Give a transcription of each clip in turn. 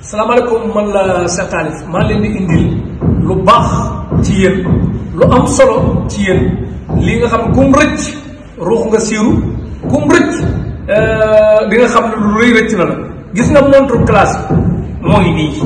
salaamaaleykum man la Cheikh Talif maa leen di indil lu baax ci yéen lu am solo ci yéen li nga xam ne kum rëcc ruux nga siiru kum rëcc li euh, nga xam lu rëy rëcc na la gis nga montre classe moo ngi nii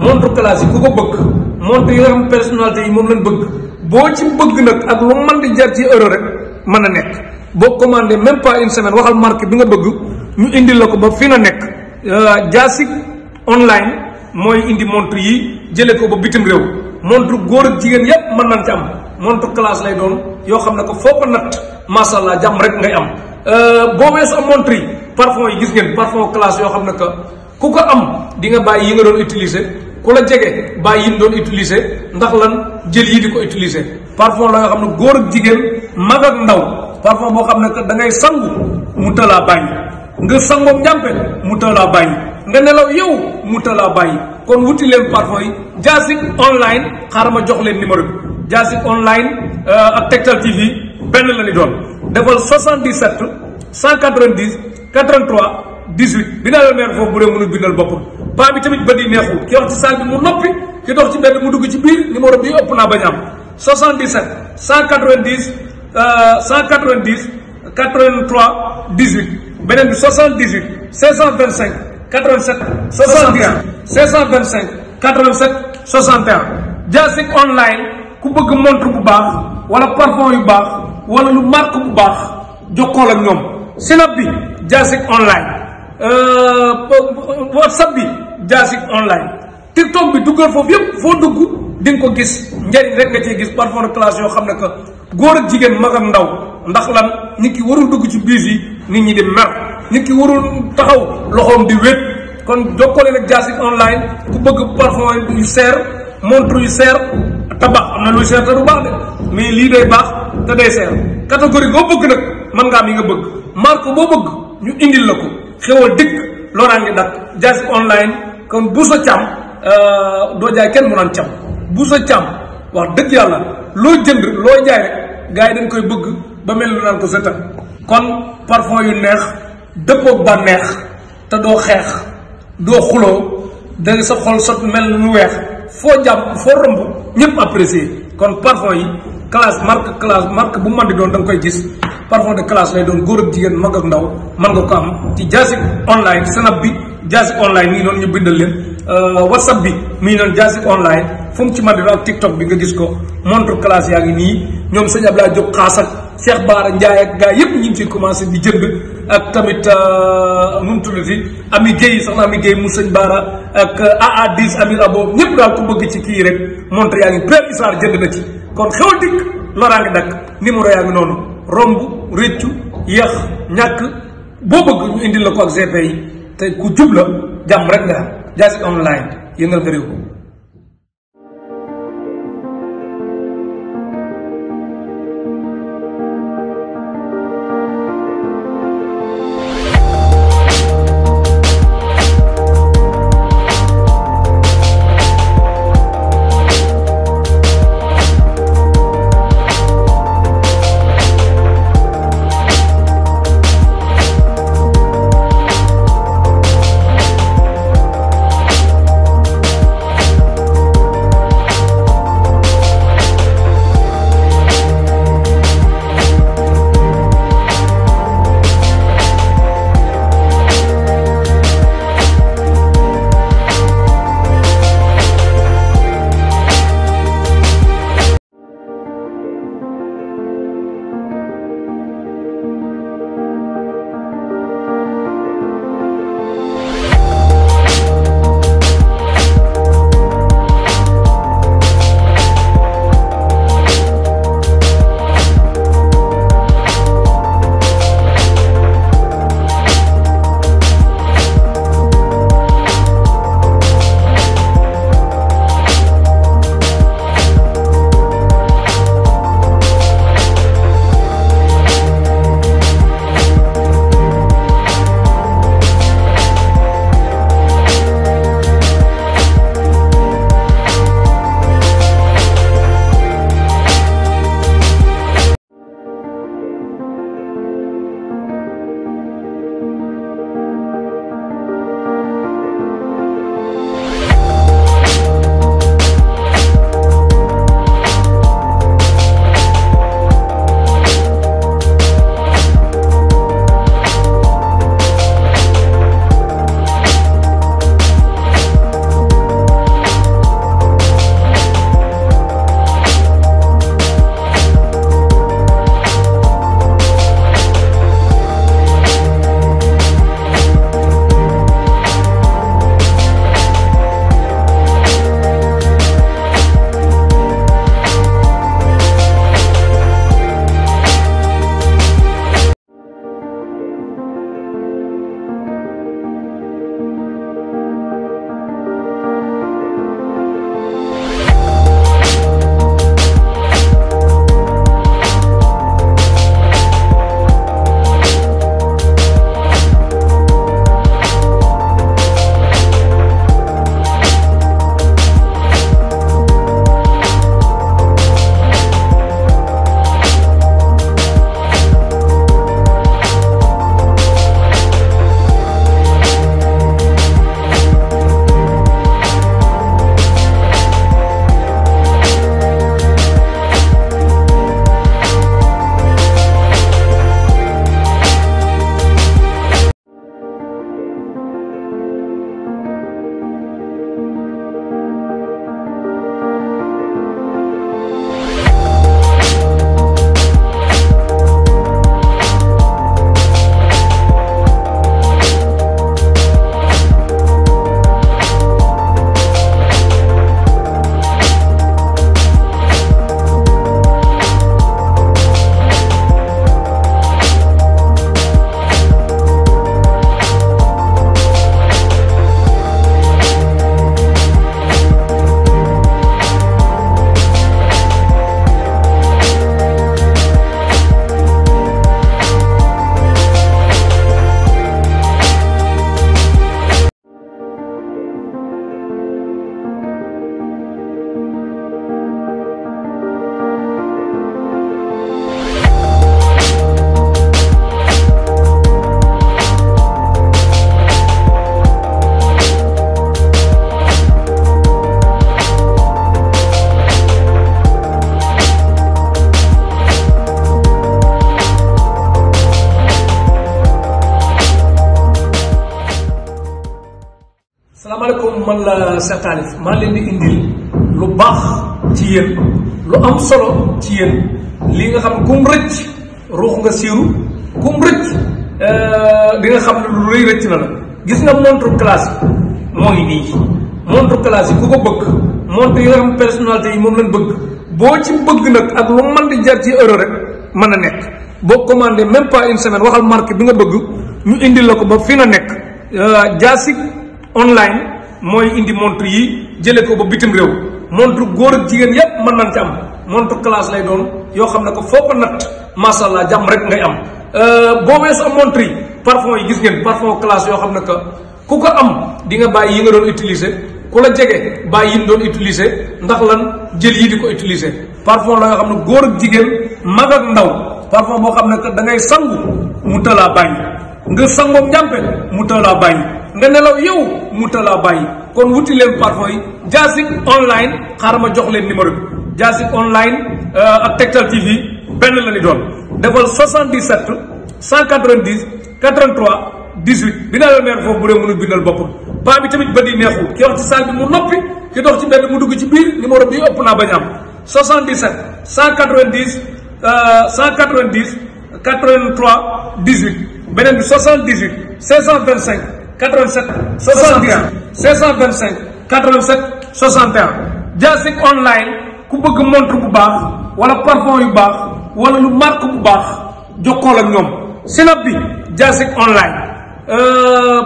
montre classe yi ku ko bëgg montre yi nga xam personnalité yi moom lañ bëgg boo ci bëgg nag ak lu man di jar ci euro rek mën a nekk boo commandé même pas une semaine waxal marque bi nga bëgg ñu indil la ko ba fi na nekk euh, jaasik online mooy indi montre yi jële ko ba bitim réew montre góor ak jigéen yépp mën nañ ci am montre classe lay doon yoo xam ne ko foo ko macha allah jàmm rek ngay am euh, boo wees am montre yi parfum gis ngeen parfum classe yoo xam ne que ku ko am di nga bàyyi yi nga doon utiliser ku la jege bàyyi yi mu doon utiliser ndax lan jël yi di ko utiliser parfum la nga xam ne góor ak jigéen mag ak ndaw parfum boo xam ne que da ngay sangu mu tëlaa bàyyi nga sangoom njàmpet mu tëlaa bàyyi nga nelaw yow mu tëlaa bàyyi kon wuti leen parfum yi Diassigui online xaaral ma jox leen numéro bi Diassigui online euh, ak Tektal TV benn la ni doon defal 77 190 83 18 dinaa la meer foofu bu dee mënul bindal boppam paa bi tamit bët yi neexul ki wax ci saal bi mu noppi ki dox ci benn mu dugg ci biir numéro bi ëpp naa bañ am 77 190 190 83 18. beneen bi vingt 78 525 87 61 525 87 61 Diasig online ku bëgg montre bu baax wala parfum yu baax wala lu marque bu baax jokkool ak ñoom Snap bi Diasig online euh, WhatsApp bi Diasig online TikTok bi duggal foofu yépp foo dugg di nga ko gis njëriñ rek nga cee gis parfum de classe yoo xam ne que góor ak jigéen mag ak ndaw ndax lan nit ki warul dugg ci biis yi nit ñi di mer nit ki warul taxaw loxoom di wét kon jokkoo leen ak Diassigui online ku bëgg parfum yu seer montre yu seer tabax am na luy seer te du baax de mais lii day baax te day seer catégorie boo bëgg nag mën nga mi nga bëgg marque boo bëgg ñu indil la ko xewal dikk loolaa ngi dakk Diassigui online kon bu sa càmm euh, doo jaay kenn mu naan càmm bu sa càmm wax dëgg yàlla loo jënd loo jaay rek gars yi dañ koy bëgg ba mel lu naan ko sa kon parfum yu neex dëppoog bànneex te doo xeex doo xuloo da sa xol sot mel nu weex foo jàpp foo romb ñëpp apprécier kon parfum yi classe marque classe marque bu man di doon da nga koy gis parfum de classe lay doon góor jigéen mag ak ndaw mën nga ko am ci jaasik online snap bi jaasik online mi ngi noonu ñu bindal leen euh, whatsapp bi mi ngi noonu jaasik online fu mu ci man di doon ak tiktok bi nga gis ko montre classe yaa ngi nii ñoom sëñ Abdoulaye Diop xaas ak Cheikh Baara Ndiaye ak gaa yëpp ñu ngi ciy commencé di jënd ak tamit euh, nu mu tuddati Ami Guèye soxna Ami Guèye mu sëñ Baara ak euh, a AA 10 Ami Rabo ñëpp daal ko bëgg ci kii rek montre yi ngi pré isaar jënd na ci kon xewal dikk loraa ngi dakk numéro yaa ngi noonu romb rëccu yéex ñàkk boo bëgg ñu indil la ko ak GP yi te ku jub la jàmm rek nga am jaasi online yëngal nga réew wala sa taalif maa leen di indil lu baax ci yéen lu am solo ci yéen li nga xam ne kum rëcc ruux nga siiru kum rëcc li euh, nga xam lu rëy rëcc na la gis nga montre classe yi moo ku ko bëgg montre yi nga xam yi moom lañ bëgg boo ci bëgg nag ak lu man di jar ci heure rek mën a nekk boo commandé même pas une semaine waxal marque bi nga bëgg ñu indi la ko ba fi nga nekk euh, jaasig online mooy indi montre yi jëlee ko ba bitim réew montre góor ak jigéen yépp mën nañ ci am montre classe lay doon yoo xam ne ko foo ko natt macha allah jàmm rek ngay am. Euh, boo wees am montre yi yi gis ngeen parfum classe yoo xam ne que ku ko am di nga bàyyi yi nga doon utiliser ku la jege bàyyi yi ñu doon utiliser ndax lan jël yi di ko utiliser parfum la nga xam ne góor ak jigéen mag ak ndaw parfum boo xam ne que da ngay sangu mu tëlaa bàyyi nga sangoom njàmpe mu tëlaa bàyyi. nga nelaw yow mu talaa bàyyi kon wuti leen parfum yi Diassigui online xaaral ma jox leen numéro bi Diassigui online euh, ak Tektal TV benn la ñu doon defal 77 190 83 18 bi nawet meer foofu bu dee mënul bindal boppam bi tamit bët yi neexul ki wax ci salle bi mu noppi ki dox ci mbedd mu dugg ci biir numéro bi ëpp naa bañ am 77 190 190 83 18 beneen bi 78 525. 87 61 525 87 61 Diasig online ku bëgg montre bu baax wala parfum yu baax wala lu marque bu baax jokkoo ak ñoom Snap bi Diasig online euh,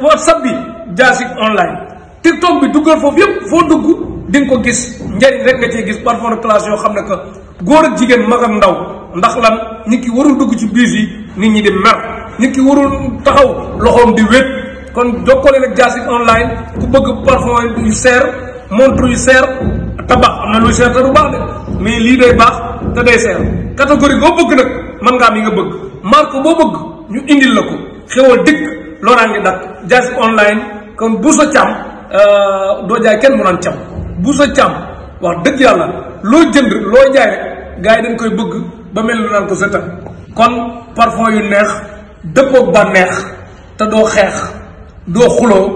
WhatsApp bi Diasig online TikTok bi duggal foofu yëpp foo dugg di nga ko gis njëriñ rek nga ciy gis parfum de classe yoo xam ne que góor ak jigéen mag ak ndaw. ndax lan nit ki warul dugg ci biis yi nit ñi di mer nit ki warul taxaw loxoom di wét kon jokkoo leen ak Diassigui online ku bëgg parfum yu seer montre yu seer tabax am na luy seer te du baax de mais lii day baax te day seer catégorie boo bëgg nag mën nga mi nga bëgg marque boo bëgg ñu indil la ko xewal dikk looraange dakk Diassigui online kon bu sa càmm euh, doo jaay kenn mu naan càmm bu sa càmm wax dëgg yàlla loo jënd loo jaay rek yi dañ koy bëgg ba mel lu ko sëta kon parfum yu neex dëppoog bànneex te doo xeex doo xuloo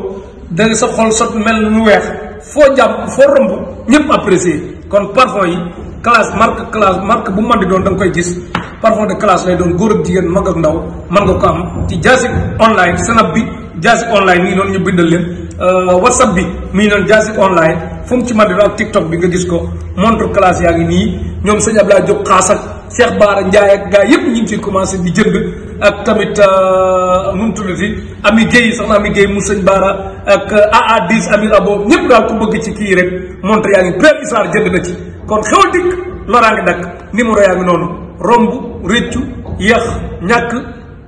da sa xol sot mel nu weex foo jàpp foo romb ñëpp apprécier kon parfum yi classe marque classe marque bu man di doon da koy gis parfum de classe lay doon góor jigéen mag ak ndaw mën nga ko am ci jaasib online snap bi jaasib online mi ngi noonu ñu bindal leen euh, whatsapp bi mi ngi noonu jaasib online fu mu ci man di doon ak tiktok bi nga gis ko montre classe yaa ngi nii ñoom sëñ Abdoulaye Diop xaas ak Cheikh Baara Ndiaye ak gars yëpp ñu ngi ciy commencé di jënd ak tamit euh, nu mu tuddati Ami Guèye sax na Ami Guèye mu sëñ Baara ak euh, AA10 Ami Rabo ñëpp daal ko bëgg ci kii rek montre yaa ngi Père Isaar jënd na ci kon xewal dikk loraange dakk numéro yaa ngi noonu romb rëccu yéex ñàkk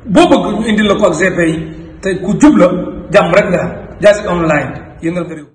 boo bëgg ñu la ko ak GP yi te ku jub la jàmm rek nga jaay si online yëngal nga réew